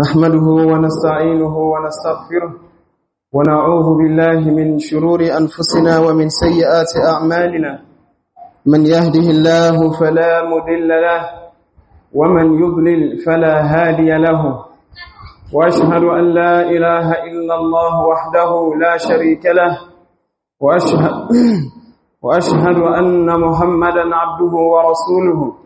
نحمده ونستعينه ونستغفره ونعوذ بالله من شرور أنفسنا ومن سيئات أعمالنا من يهده الله فلا مذل له ومن يضلل فلا هادي له وأشهد أن لا إله إلا الله وحده لا شريك له وأشهد, وأشهد أن محمدا عبده ورسوله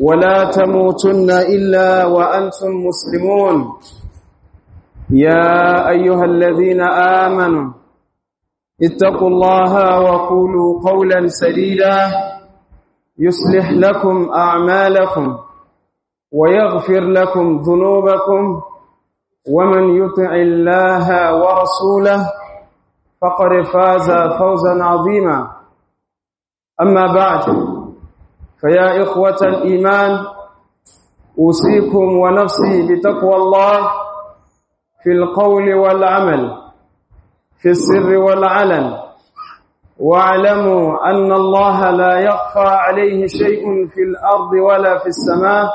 ولا تموتن إلا وأنتم مسلمون يا أيها الذين آمنوا اتقوا الله وقولوا قولا سديدا يصلح لكم أعمالكم ويغفر لكم ذنوبكم ومن يطع الله ورسوله فقد فاز فوزا عظيما أما بعد فيا إخوة الإيمان أوصيكم ونفسي بتقوى الله في القول والعمل في السر والعلن واعلموا أن الله لا يخفى عليه شيء في الأرض ولا في السماء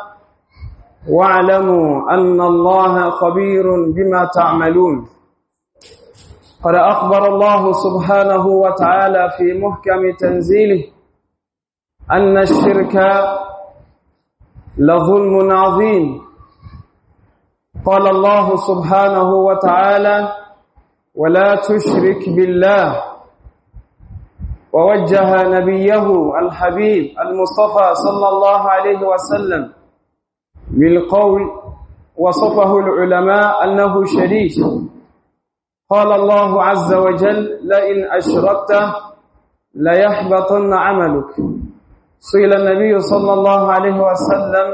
واعلموا أن الله خبير بما تعملون قد أخبر الله سبحانه وتعالى في محكم تنزيله أن الشرك لظلم عظيم قال الله سبحانه وتعالى ولا تشرك بالله ووجه نبيه الحبيب المصطفى صلى الله عليه وسلم بالقول وصفه العلماء أنه شريك قال الله عز وجل لئن أشركت ليحبطن عملك صلى النبي صلى الله عليه وسلم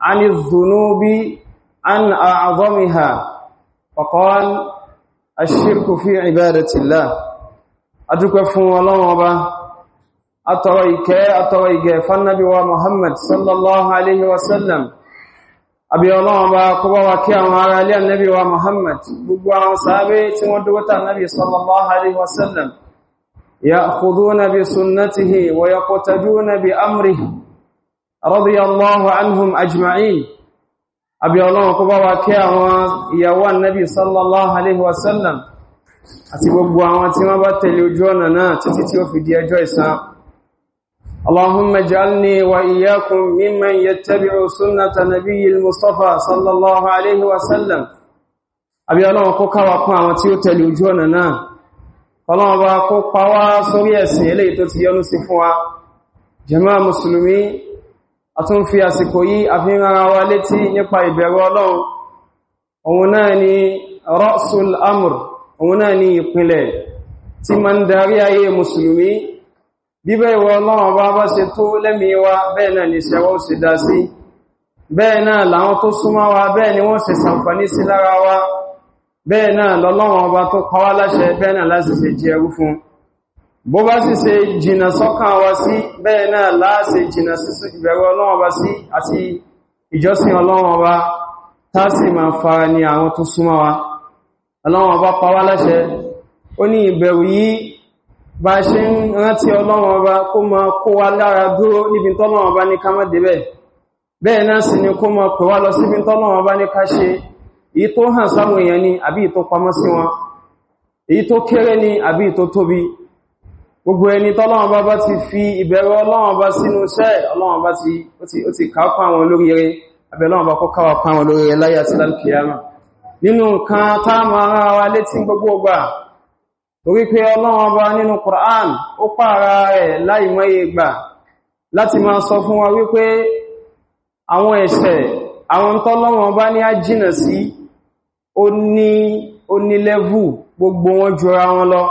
عن الذنوب عن أعظمها فقال الشرك في عبادة الله أتكفوا الله وبا أتويك أتويك فالنبي ومحمد صلى الله عليه وسلم أبي الله وبا قبا وكيا وعلى النبي ومحمد بقوا صحابي تمدوتا النبي صلى الله عليه وسلم يأخذون بسنته ويقتدون بأمره رضي الله عنهم أجمعين أبي الله كبا وكيا يا النبي صلى الله عليه وسلم àti gbogbo àwọn tí wọ́n bá tẹ̀lé ojú ọ̀nà náà títí tí ó fi di ẹjọ́ ìsan اللهم اجعلني وإياكم ممن يتبع سنة نبي المصطفى صلى الله عليه وسلم أبي الله كوكا وكوى وتيو تلي وجونا ọlọ́run bá kó pa wá sórí ẹ̀sìn eléyìí tó ti yọ́nú sí fún wa jàmá mùsùlùmí a tún fi àsìkò yìí àfihàn wa létí nípa ìbẹ̀rù ọlọ́run òun náà ni rọ́sùl amur òun náà ni ìpìlẹ̀ tí ma ń darí ayé mùsùlùmí bíbẹ̀ ìwọ ọlọ́run bá bá ṣe tó lẹ́mìí wa bẹ́ẹ̀ náà ni ṣẹwọ́ sì dá sí bẹ́ẹ̀ náà làwọn tó súnmọ́ wa bẹ́ẹ̀ ni bẹ́ẹ̀ náà lọ́lọ́wọ́n ọba tó kọwá láṣẹ bẹ́ẹ̀ náà láti ṣe jẹ ẹrú fún bó bá sì ṣe jìnà sọ́kàn wa sí bẹ́ẹ̀ náà láti jìnà sísù ìbẹ̀rù ọlọ́wọ́n ọba sí àti ìjọsìn ọlọ́wọ́n ọba tá sì máa fara ní àwọn tó súnmọ́ wa ọlọ́wọ́n ọba kọwá láṣẹ ó ní ìbẹ̀rù yìí bá ṣe ń rántí ọlọ́wọ́n ọba kó máa kó wa lára dúró níbi tọ́lọ́wọ́n ọba ní ká má débẹ̀ bẹ́ẹ̀ náà sì ni kó máa pè wá lọ èyí tó hàn sáwọn èèyàn ni àbí tó pamọ́ sí wọn èyí tó kéré ni àbí tó tóbi gbogbo ẹni tọ́lọ́wọ́n bá bá ti fi ìbẹ̀rẹ̀ ọlọ́wọ́n bá sínú iṣẹ́ ọlọ́wọ́n bá ti káàkọ́ àwọn olórí rẹ abẹ́lọ́wọ́n bá kó káwà pa àwọn olórí rẹ láyé àti lálùkìyàmà nínú nǹkan táàmù ara ọlọ́wọ́n bá nínú àwọn ẹ̀ṣẹ̀ àwọn tọ́lọ́wọ́n bá ní á sí ó ní ó ní lẹ́vù gbogbo wọn jọra wọn lọ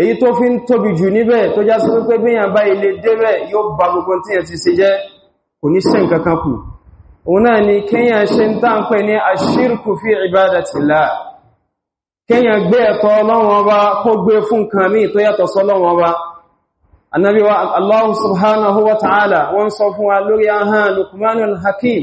èyí tó fi ń tóbi jù níbẹ̀ tó já sí wípé bíyàn bá ilé débẹ̀ yóò ba gbogbo tí yẹn ti ṣe jẹ́ kò ní ṣe nǹkan kan kù òun náà ni kéyàn ṣe ń tàn pẹ́ ní àṣírkù fi ibadatillah kéyàn gbé ẹ̀tọ́ Ọlọ́run Ọba kó gbé e fún kan míì tó yàtọ̀ sọ́lọ́run Allah subhanahu wa ta'ala wọ́n sọ fún wa lórí ahán Luqmanul Hakim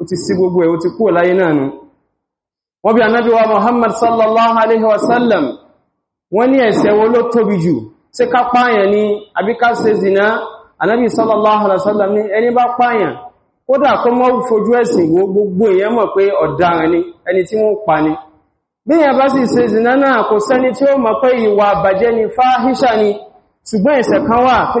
ó ti sí gbogbo ẹ̀ ó ti kúrò láyé náà nù wọ́n bí anábí wa Muhammad sallallahu alaihi wasallam wọ́n ní ẹ̀ṣẹ̀ wo ló tóbi jù ṣé ká pààyàn ni àbí ká ṣe zina anábí sallallahu alaihi wasallam ní ẹni bá pààyàn ni ẹni tí wọ́n pa ni bí èèyàn bá sì ṣe zina náà kò sẹ́ni tí ó mọ̀ pé ìwà àbàjẹ́ ni fáhíṣà ni ṣùgbọ́n ẹ̀ṣẹ̀ kan wà tó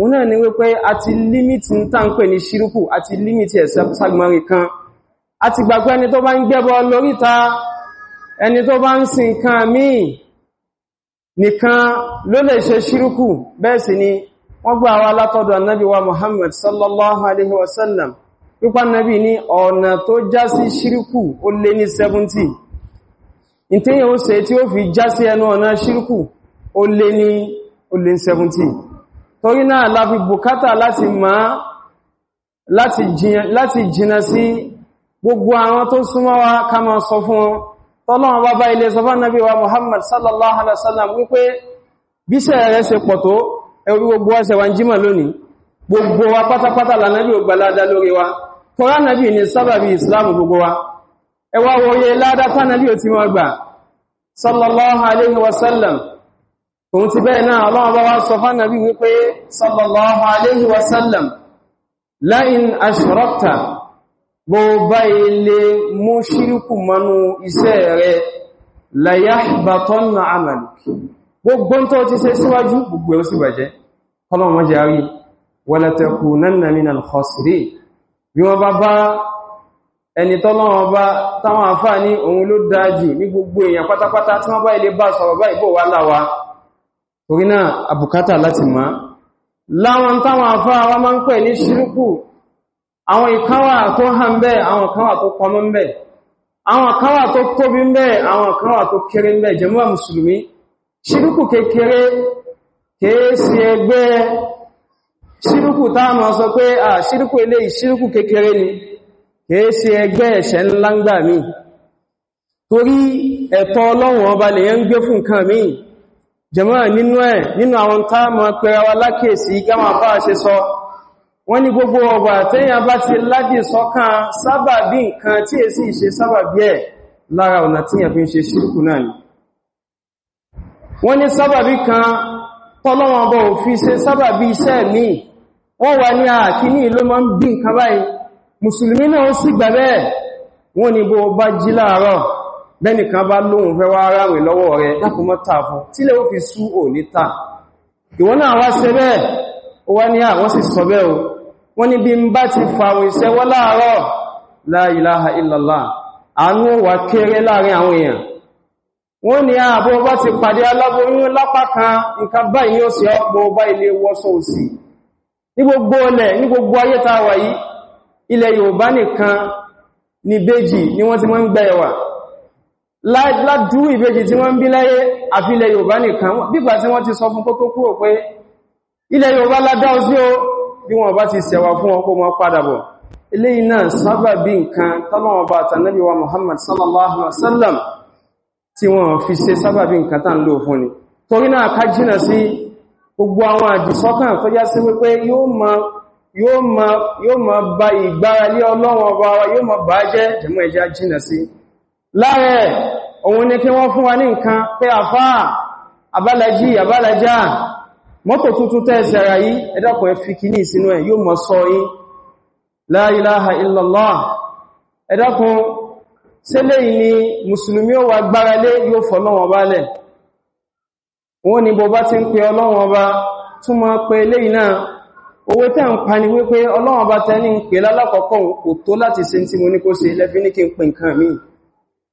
òun náà ni wípé a ti límìtì ń tàn pè ní ṣírùkù a ti límìtì ẹ̀sẹ̀ sàgbọ́nrin kan a ti gbàgbé ẹni tó bá ń gbẹ́bọ lóríta ẹni tó bá ń sin nǹkan míì nìkan ló lè ṣe ṣírùkù bẹ́ẹ̀ sì ni wọ́n gbà wá látọ̀dọ̀ annabi wa muhammad sallallahu alaihi wasallam pípa annabi ní ọ̀nà tó já sí ṣírùkù ó lé ní 70 ìtẹ́yẹ̀ ó ṣe tí 70 torí náà láfi bùkátà láti máa láti jìnà sí gbogbo àwọn tó súnmọ́ wa ká ma sọ fún tọ́lọ́wọ́ bá ilé sọ fún wa Muhammad sallallahu alaihi wasallam wípé bíṣẹ́ rẹ̀ ṣe pọ̀ tó ẹwú gbogbo wa ṣe wá jímọ̀ lónìí gbogbo wa pátápátá lànàbí ò lórí wa tọ́rọ Ànábì ni sábàbí ìsìláàmù gbogbo wa ẹwà wòye ládátánàbí ò ti mọ́ gbà sallallahu alaihi wasallam òun ti bẹ́ẹ̀ náà ọlọ́run bá wá sọ fánàbí wípé sallallahu alayhi wa sallam láìn aṣọ́rọ́ta bó bá ilé mú ṣíríkù mọ́nú iṣẹ́ rẹ̀ layahbatanna amalik gbogbo tó ti ṣe síwájú gbogbo ẹ̀ sí bàjẹ́ ọlọ́run wọ́n jẹ́ rí wala takunanna minal khasirin bí wọ́n bá bá ẹni tọ́lọ́wọ́n bá táwọn àfáà ní òun ló dájú ní gbogbo èèyàn pátápátá tí wọ́n bá ilé bá sọ̀rọ̀ báyìí bò wá láwàá orí náà àbùkátà láti máa láwọn táwọn àfáà wá máa ń pè ní ṣírùkù àwọn ìkáwà tó hàn bẹ́ àwọn káwà tó pamọ́ bẹ́ àwọn káwà tó tóbi bẹ́ àwọn káwà tó kéré bẹ́ jẹmọ́ mùsùlùmí ṣírùkù kékeré kéèsì ẹgbẹ́ ṣírùkù táàmà sọ pé à ṣírùkù ilé ìṣírùkù kékeré ni kéèsì ẹgbẹ́ ẹ̀ṣẹ̀ ńláńgbà mi torí ẹ̀tọ́ ọlọ́run ọba lèyàn gbé fún nǹkan míì jẹmọ́ nínú ẹ̀ nínú àwọn táàmà pẹ̀rẹ̀ wa lákèsí gámà bá ṣe sọ wọ́n ní gbogbo ọgbà tẹ́yàn bá ti ládì sọ́kàn sábàbí nǹkan tí è sì ṣe sábàbí ẹ̀ lára ọ̀nà tíyàn fi ń ṣe ṣírùkù náà ni wọ́n ní sábàbí bí nǹkan báyìí bẹ́nìkan bá lóhun fẹ́ wá ráwẹ̀ lọ́wọ́ rẹ̀ lápò mọ́ tà fún tí lè ó fi sú ò ní tà ìwọ́n náà wá ṣe bẹ́ẹ̀ ó wá ní àwọn sì sọ bẹ́ẹ̀ o wọ́n ní bí n bá ti fàwọn ìṣẹ́wọ́ láàárọ̀ ilaha àánú wà kéré láàrin àwọn èèyàn ni béjì ni wọ́n ládú ìbejì tí wọ́n ń bí láyé àfi ilẹ̀ Yorùbá nìkan bípa tí wọ́n ti sọ fún kótó kúrò pé ilẹ̀ Yorùbá ládá ọ sí o bí wọ́n bá ti sẹ̀wà fún ọkọ̀ wọn padà bọ̀ eléyìí náà sábà bí nǹkan tọ́lọ́wọ́ bá tànàbí wa Muhammad sallallahu alaihi wasallam tí wọ́n fi ṣe sábà bí nǹkan tàn lò fún ni torí náà ká jìnà sí gbogbo àwọn àdìsọ́kàn tó já sí wípé yóò máa yóò máa bá ìgbáralé Ọlọ́run ọba wa yóò máa bá láàrẹ òun ni kí wọ́n fún wa ní nǹkan pé àfáà abálajì abálajá mọ́tò tuntun tẹ́ ṣẹ̀rà yìí ẹ̀dàkùn ẹ fi kìíní sínú ẹ̀ yóò mọ́ sọ yìí la ilaha illallah ẹ̀dàkùn sílé ìní mùsùlùmí ni bó bá ti ń pe ọlọ́wọ́n bá túnmọ́ pé eléyìí náà owó tẹ́ ń pa ni wípé ọlọ́wọ́n bá tẹ́ ní ń pè lálákọ̀ọ́kọ́ kò tó láti tí mo ní kó ṣe lẹ́fí ní kí n pè nǹkan míì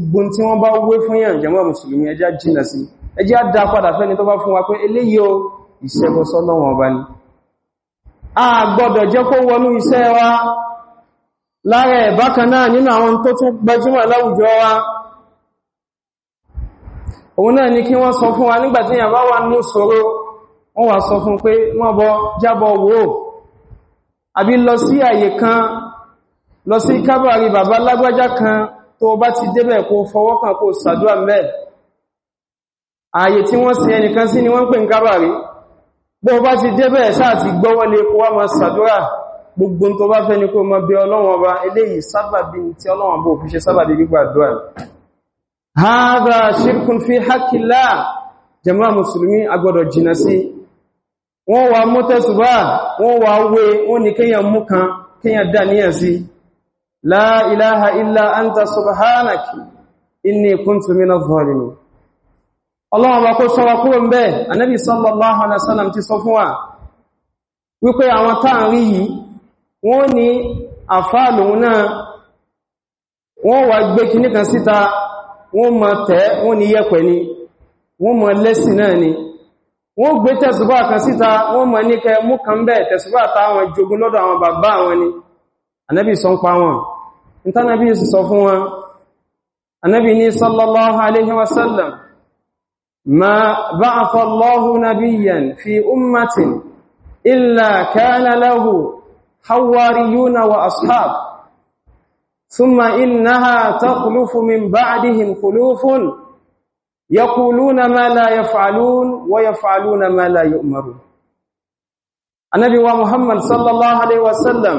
gbogbo tí wọ́n bá wé fún yàn jẹmọ́ mùsùlùmí ẹjá jìnà sí ẹjá dá padà fẹ́ni tó bá fún wa pé eléyìí o ìṣẹ́gun sọ́nà wọn bá ní a gbọ́dọ̀ jẹ́ kó wọnú iṣẹ́ wa lára ẹ̀bákan náà nínú àwọn tó tún gbajúmọ̀ ni kí wọ́n sọ fún wa nígbàtí yàn bá wà ní ṣòro wọ́n wà sọ fún pé wọ́n bọ kan lọ sí kábàrí bàbá lágbájá kan tó bá ti débẹ̀ kó fọwọ́ kàn kó sàdúrà mẹ́ ààyè tí wọ́n sí ẹnìkan sí ni wọ́n pè ń kábàrí bó bá ti débẹ̀ sáà ti gbọ́wọ́lé kó wá máa sàdúrà gbogbo tó bá fẹ́ ní kó máa bẹ ọlọ́wọ́n ọba eléyìí sábàbí tí ọlọ́wọ́n bó fi ṣe sábàbí gbígbàdúrà hádà ṣírkùn fi hákìlá La ilaha illa anta subhanaki inni kuntu minadh dhalimin. Allah wa ko so wa ko mbé, Anabi sallallahu alaihi wasallam ti so fuwa. Wipe awon taa ri yi, won ni afaluna won wa gbe kini kan sita, won mo te, won ni yepe ni. Won mo lesin na ni. Won gbe tesuba kan sita, won mo ni ke mu kan ta won jogun lodo awon baba awon ni. Anabi so npa ìtànàbí sọ fún wọn anábì ní sallallahu alaihi wasallam ma ba'atha Allahu nabiyyan fi ummatin illa kana lahu hawariyuna wa ashab thumma innaha takhlufu min ba'dihim khulufun يقولون ما لا يفعلون ويفعلون ما لا يؤمرون النبي محمد صلى الله عليه وسلم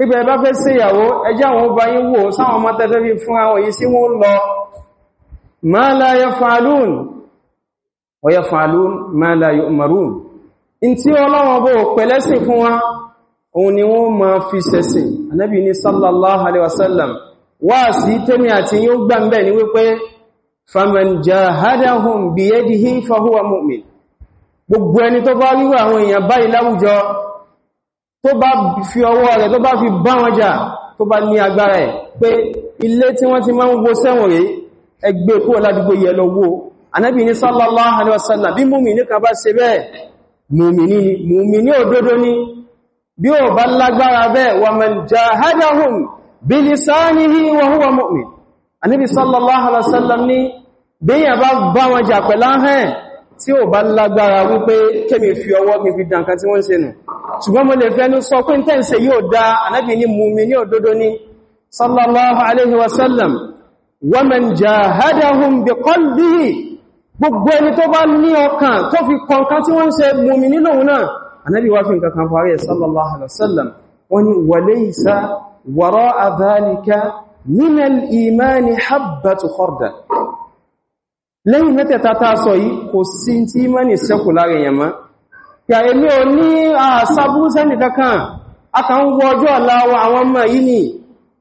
pípẹ̀ bá fẹ́ sí ìyàwó ẹjẹ́ àwọn ọba yí wò sáwọn ọmọ tẹ́fẹ́ fi fún àwọn èyí sí wọ́n lọ ma la yaf'alun wa yaf'alun ma la yu'marun in tí ọlọ́wọ́ bó pẹ̀lẹ́sì fún wa òun ni wọ́n ma fi sẹ̀sìn anábì ní sallallahu alaihi wasallam tó bá fi ọwọ́ rẹ̀ tó bá fi bá wọn jà tó bá ní agbára ẹ̀ pé ilé tí wọ́n ti máa ń wo sẹ́wọ̀n rẹ̀ ẹgbẹ́ e kó ládùgbò yẹ lọ wó anábì ní sallallahu alaihi wasallam bí mùmìnì kan bá ṣe bẹ́ẹ̀ mùmìnì òdodo ni bí ó bá lágbára bẹ́ẹ̀ wa man jahadahum bi lisanihi wa huwa mu'min anábì sallallahu alaihi wasallam ní bí yà bá bá wọn jà pẹ̀lá hẹ́n tí ó bá lágbára wípé kémi fi ọwọ́ mi fi dànkan tí wọ́n ń ṣe nù ṣùgbọ́n mo lè fẹ́nu sọ pé ń tẹ́ǹsẹ̀ yóò dá anábì ní mumi ní òdodo ní sallallahu alaihi wasallam waman jahadahum bi qalbihi gbogbo ẹni tó bá ní ọkàn tó fi kọ̀ǹkan tí wọ́n ń ṣe lẹ́yìn mẹ́tẹ̀ta tàà sọ yìí kò sí tí mẹ́ni sẹ́kù lára èèyàn mọ́ yà èmi ò ní àṣàbúrú a kankan aka wọ ọjọ́ ọ̀láwọ àwọn ọmọ yìí ni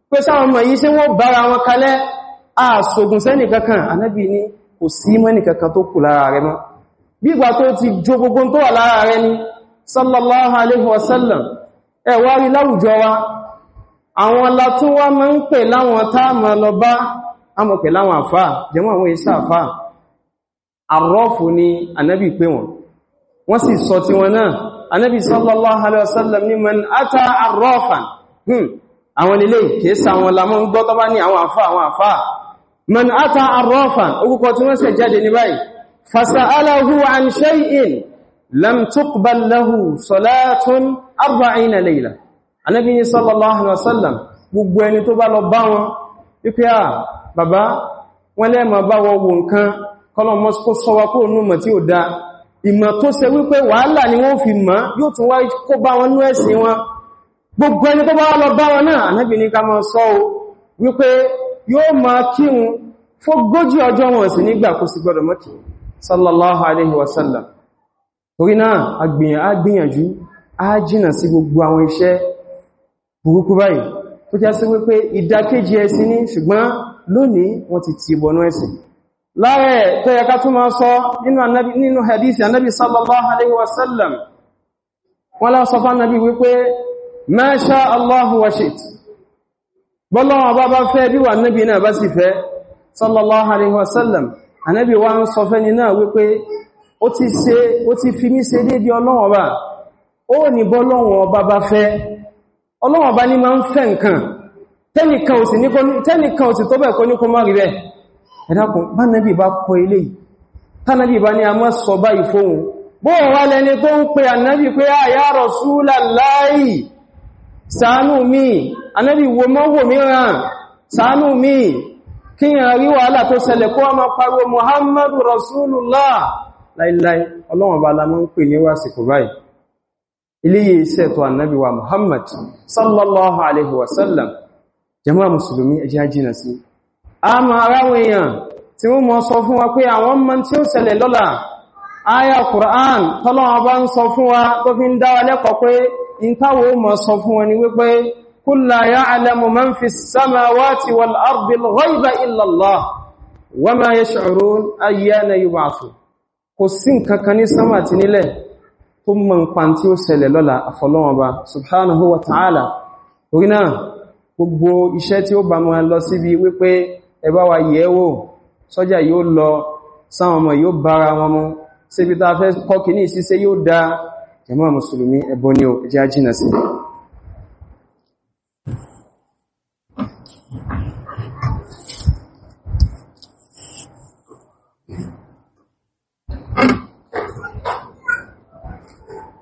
pé sáwọn ọmọ yìí sí wọ́n bára wọn kalẹ́ àṣògùn sẹ́nì kankan anábì kò sí mẹ́ni kankan tó kù ti ẹ wa àwọn latún àrọ́fù ni anábì pé wọn wọ́n sì sọ tí wọn náà anábì sallallahu alaihi wasallam ní man ata àrọ́fàn hmm. àwọn ilé ìkéèsà wọn lamọ́ ń gbọ́ tọ́bá ní àwọn àfá àwọn àfá man ata àrọ́fàn okùkọ tí wọ́n sẹ jáde ní báyìí fasa'alahu an shay'in lam tuqbal lahu salatun arba'ina layla anábì kọlọmọ kó sọwa kó nú mọ̀ tí ó dá ìmọ̀ tó ṣe wípé wàhálà ni wọ́n fi mọ̀ yóò tún wá kó bá wọn nú ẹ̀sìn wọn gbogbo ẹni tó bá wá lọ bá wọn náà Ànábì ní ká máa sọ wípé yóò máa kírun fógójì ọjọ́ wọn sì nígbà kó sì gbọdọ̀ mọ́kí sallallahu alaihi wasallam torí náà agbìyànjú á jìnà sí gbogbo àwọn iṣẹ́ burúkú báyìí tó já sí wípé ìdákéjì ẹ̀sìn ní ṣùgbọ́n lónìí wọ́n láyẹ̀ tó yẹ ká tún máa sọ nínú hadithi annabi sallallahu alaihi wasallam wọ́n lá sọ fún wípé Allahu wa bọ́lọ́wọ́ bá bá fẹ́ bí wà annabi náà bá sì sallallahu alaihi wasallam annabi wá ń sọ ni náà wípé ó ti fi mí se dédé ọlọ́wọ́ bá ó ní bọ́lọ́wọ́ bá bá fẹ́ ẹ̀dàkùn bá nẹ́bí bá kọ ilé tánàbí bá ní a mọ́ sọ báyìí fóhun bó wà lẹni tó ń pè ànábì pé àyà ah, Rasulullahi ṣàánú mi ànábì wo mọ́wò mìíràn ṣàánú mi kí yàn rí wàhálà tó ṣẹlẹ̀ kó ọmọ pariwo Muhammadu Rasulullah láìláì ọlọ́wọ̀n bá lámọ́ ń pè ní wásìkò báyìí iléyè a máa ráwọn èèyàn tí wọ́n mọ́ sọ fún wa pé àwọn mọ́ tí ó ṣẹlẹ̀ lọ́la aya Qur'an tọ́lọ́wọ́ bá ń sọ fún wa tó fi ń dáwà lẹ́kọ̀ọ́ pé in táwọ̀ mọ́ sọ fún wa ni wípé kulla ya'lamu man fi gbogbo iṣẹ́ tí ó bá mọ́ lọ síbi wípé ẹbá wa yẹ̀wò sọ́jà yóò lọ sáwọn ọmọ yóò bára wọn mú sí ibi tàà fẹ́ kọ́kì ní ìsíse yóò dá jàmá mùsùlùmí ẹbọ ní o jẹ́ sí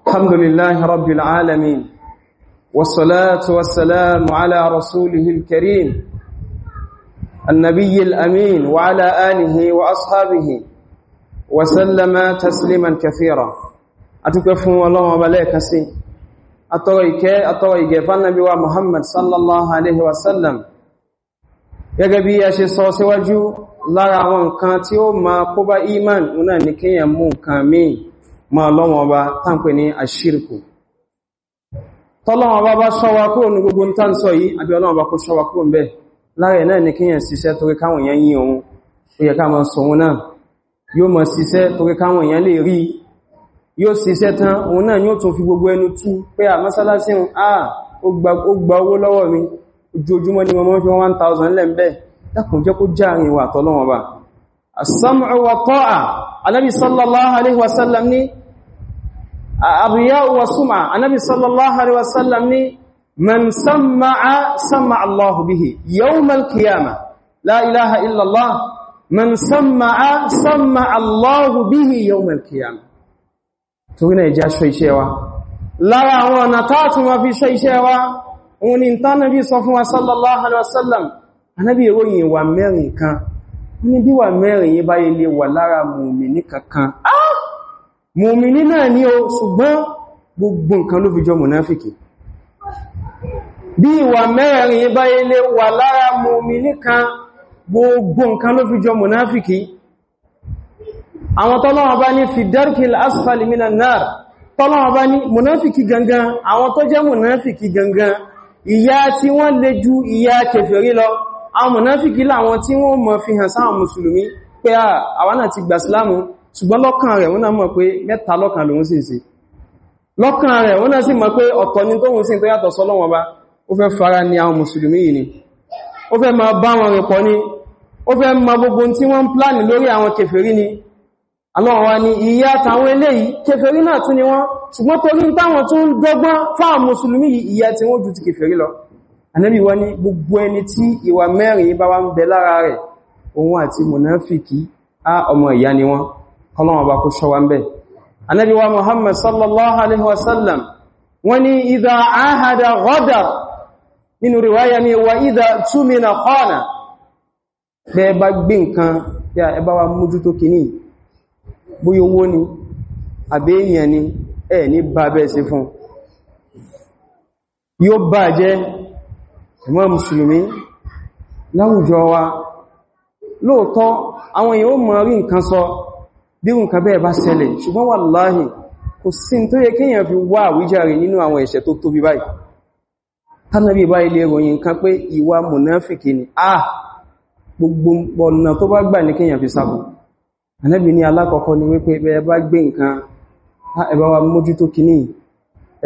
الحمد لله رب العالمين والصلاة والسلام على رسوله الكريم النبي الأمين وعلى آله وأصحابه وسلم تسليما كثيرا أتكفوا الله وبليك سي أتويك أتويك فالنبي ومحمد صلى الله عليه وسلم gẹ́gẹ́ bí a ṣe sọ síwájú lára àwọn nǹkan tí ó ma kó bá iman una ní kíyàn mú nǹkan míì ma lọ́wọ́ bá tánpẹ̀ ní àṣírkù tọ́lọ́wọ́ bá bá ṣọ́wà kúrò ní gbogbo ń tán sọ yìí àbí ọlọ́wọ́ bá kó ṣọ́wà kúrò bẹ́ẹ̀ lára náà ni kíyàn ṣiṣẹ́ torí káwọn èèyàn yí òun ó yẹ ká mọ́ sọun náà yóò mọ́ ṣiṣẹ́ torí káwọn èèyàn lè rí yóò ṣiṣẹ́ tán òun náà yóò tún fi gbogbo ẹnu tú pé à mọ́sálásí òun àà ó gba owó lọ́wọ́ mi ojoojúmọ́ ni mọ́ fi 1000 lẹ́m̀bẹ́ من سمع سمع الله به يوم القيامة لا إله إلا الله من سمع سمع الله به يوم القيامة تقول إجاز في شيوا لا ونطات ما في شيء شيوا وننتى النبي صلى الله عليه وسلم النبي يقول ومرين كان ní bí wà mẹ́rin yí báyé lè wà lára mùmìní kankan mùmìní náà ní o ṣùgbọ́n gbogbo nǹkan ló fi jọ mùnáfìkì bí ìwà mẹ́rin bá ilé wà lára mùmínì kan gbogbo nǹkan ló fi jọ mùnáfìkì àwọn tọ́lọ́wọ́ bá ní fi darkil asfali minan tọ́lọ́wọ́ bá ní mùnáfìkì gangan àwọn tó jẹ́ mùnáfìkì gangan ìyà tí wọ́n lè ju ìyà kèfèrí lọ àwọn mùnáfìkì láwọn tí wọ́n mọ̀ fi hàn sáwọn mùsùlùmí pé àwọn náà ti gbà sílámù ṣùgbọ́n lọ́kàn rẹ̀ wọ́n náà mọ̀ pé mẹ́ta lọ́kàn lòun sì sí lọ́kàn rẹ̀ wọ́n náà sì mọ̀ pé ọ̀tọ̀ ni tóhun sí tó yàtọ̀ sọ́lọ́wọ́n bá ó fẹ́ fara ní àwọn mùsùlùmí yìí ni ó fẹ́ máa bá wọn rìn pọ̀ ní ó fẹ́ ma gbogbo tí wọ́n ń pláàni lórí àwọn kèfèrí ni Allah wa ni ìyà àtàwọn eléyìí kèfèrí náà tún ni wọ́n ṣùgbọ́n torí táwọn tún dọ́gbọ́n fáwọn mùsùlùmí yìí ìyà tí wọ́n ju ti kèfèrí lọ Ànábì wa ni gbogbo ẹni tí ìwà mẹ́rin bá wá ń bẹ lára rẹ̀ òun àti mùnáfìkì á ọmọ ìyá ni wọ́n kọlọ́wọ́n bá kó ṣọ́wà ń bẹ̀. Ànábì wa Muhammad sallallahu alaihi wasallam wọ́n ni idha ahada ghadar nínú riwaya ni wa ịda tumina khana be ba gbé nǹkan ya ẹ bá wa mójú tó kini boyo ni ni ẹ ní fún yo ba je mo musulmi láwùjọ wa lóòótọ́ àwọn èèyàn ó mọ̀ rí nǹkan sọ bí nǹkan bẹ́ẹ̀ bá ṣẹlẹ̀ ṣùgbọ́n wallahi kò sí tó yẹ fi tánàbí bá ilé ìròyìn kan pé ìwà mùnáfìkì ni a ah! gbogbo ọ̀nà tó bá gbà ní kíyàn fi sáàbù anábì ní alákọ̀ọ́kọ́ ni wípé bẹ́ẹ̀ bá gbé nǹkan ẹbá wa mójútó kìíní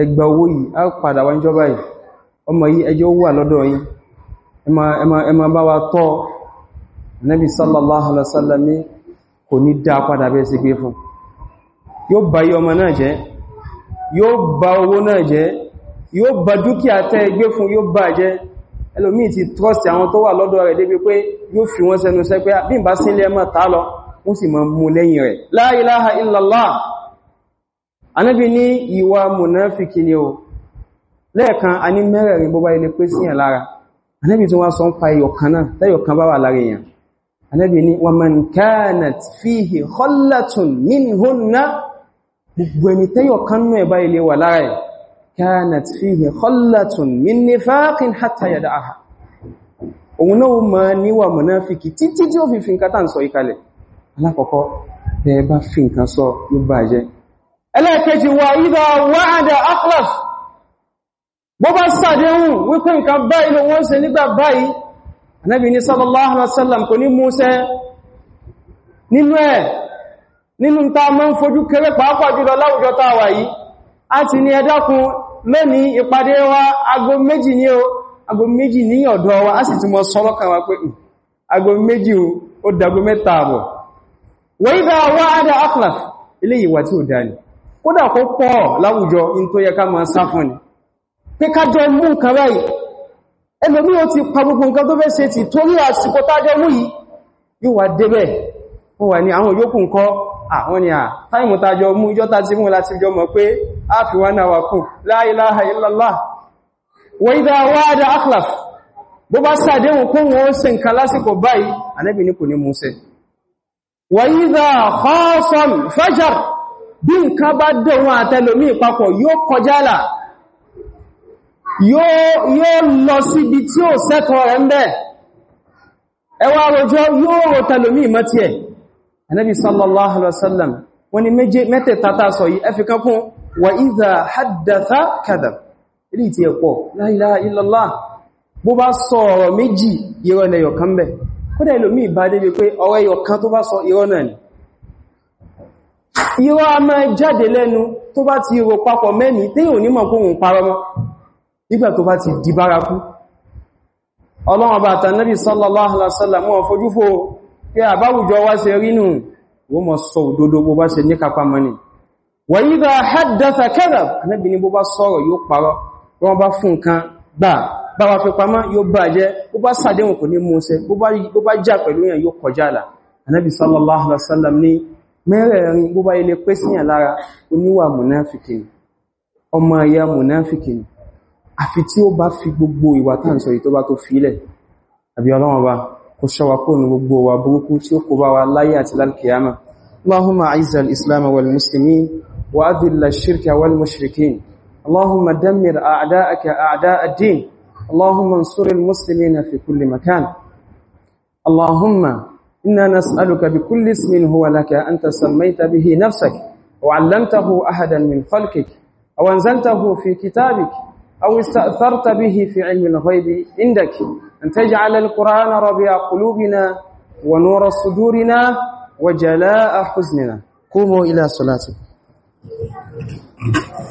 ẹgbà owó yìí a padà wá níjọba yìí ọmọ yìí ẹjọ́ wà lọ́dọ̀ ẹ sallallahu alaihi yóò bá owó náà jẹ́ yóò bá dúkìá tẹ́ gbé fún yóò bà jẹ́ ẹlòmí ti trust àwọn tó wà lọ́dọ̀ rẹ̀ débi pé yóò fi wọ́n sẹ́nu sẹ́ pé ah, bí n bá sílẹ̀ mọ́ tá lọ wọ́n sì máa mú lẹ́yìn rẹ̀ la o lẹ́ẹ̀kan a ní mẹ́rẹ̀rin bó bá ilé pé síyàn lára anábi tí wọ́n sọ ń pa ẹyọ̀kan náà kanat fihi khallatun min nifaqin hatta yada'aha òun náà ma níwà mọ̀náfíkì títí tí ó fi fi nǹkan tàn sọ ìkalẹ̀ alákọ̀ọ́kọ́ bẹ bá fi so sọ ló bá jẹ́ keji wà ìdá wa'ada akhlaf bó bá sàdéhùn wípé nǹkan báyìí ló wọ́n ṣe nígbà báyìí anábi ní sallallahu alaihi wasallam ta a ti mẹ́ni ìpàdé wa ago méjì ní o ago méjì ní wa a sì ti mọ́ sọ́lọ́kàn wa pé hmm, ago méjì o dago mẹ́ta àbọ̀ wọ́n wá ádá akhlaf ilé ìwà tí ó dáni kódà kó pọ̀ láwùjọ in tó yẹ ká ni pé mú nǹkan báyìí àwọn ah, ni à ah, táìmù tàjọ mú ìjọ́ tàti mú láti jọ mọ̀ pé a fi wọ́n náà wà kú la ilaha illallah wa idha wa'ada akhlaf bó bá sàdéhùn kún wọ́n sì ń ká lásìkò báyìí anẹ́bì ní kò ní múṣẹ́ wa idha khasam fajar bí nǹkan bá dẹ̀wọ̀n àtẹlòmí ìpapọ̀ yóò kọjálà yóò lọ síbi tí ó sẹ́tọ̀ rẹ̀ ń bẹ́ ẹwà rojọ́ yóò rọ̀ tẹlòmí mọ́tí ẹ̀ Ànábì sallallahu alaihi wasallam wọ́n ní méje mẹ́tẹ̀ tata sọ yìí ẹfi kankun wa idha haddatha kadhab ilé ìtì ẹ̀pọ̀ la ilaha illallah bó bá sọ ọ̀rọ̀ méjì irọ́ ni ẹyọ̀kan bẹ̀ kódà ìlòmí ìbá débi pé ọ̀rọ̀ ẹyọ̀kan tó bá sọ irọ́ náà ni irọ́ a máa jáde lẹ́nu tó bá ti rò papọ̀ mẹ́ni tí ò ní mọ̀ kó hùn parọ́ mọ́ nígbà tó bá ti di bárakú ọlọ́run bá tànábì sallallahu alaihi wasallam wọ́n fojú pé àbáwùjọ wá ṣe rínú wọ́n mọ̀ sọ òdodo bó bá ṣe ní kápá mọ́ni wa idha haddatha kadhab Ànábì ní bó bá sọ̀rọ̀ yóò parọ́ wọ́n bá fún nǹkan gbà bá wá fi pamọ́ yóò bà jẹ́ bó bá sàdéhùn kò ní múṣẹ bó bá jà pẹ̀lú yàn yóò kọjá là Ànábì sallallahu alaihi wasallam ní mẹ́rẹ̀ẹ̀rin bó àfi tí ó bá fi gbogbo ìwà tàǹsọ̀ yìí tó bá tó àbí ọlọ́wọ́n bá kò ṣọwà kó ní gbogbo wa burúkú tí ó kò bá wa láyé àti lálkìyàmà. Allahumma aiza al-Islam wal muslimin wa adilla shirka wal mushrikin. Allahumma dammir a'da'aka a'da' ad-din. Allahumma ansur al-muslimin fi kulli makan. Allahumma inna nas'aluka bi kulli ismin huwa laka anta sammayta bihi nafsak wa 'allamtahu ahadan min khalqik aw anzaltahu fi kitabik أو استأثرت به في علم الغيب عندك أن تجعل القرآن ربيع قلوبنا ونور صدورنا وجلاء حزننا قوموا إلى صلاتكم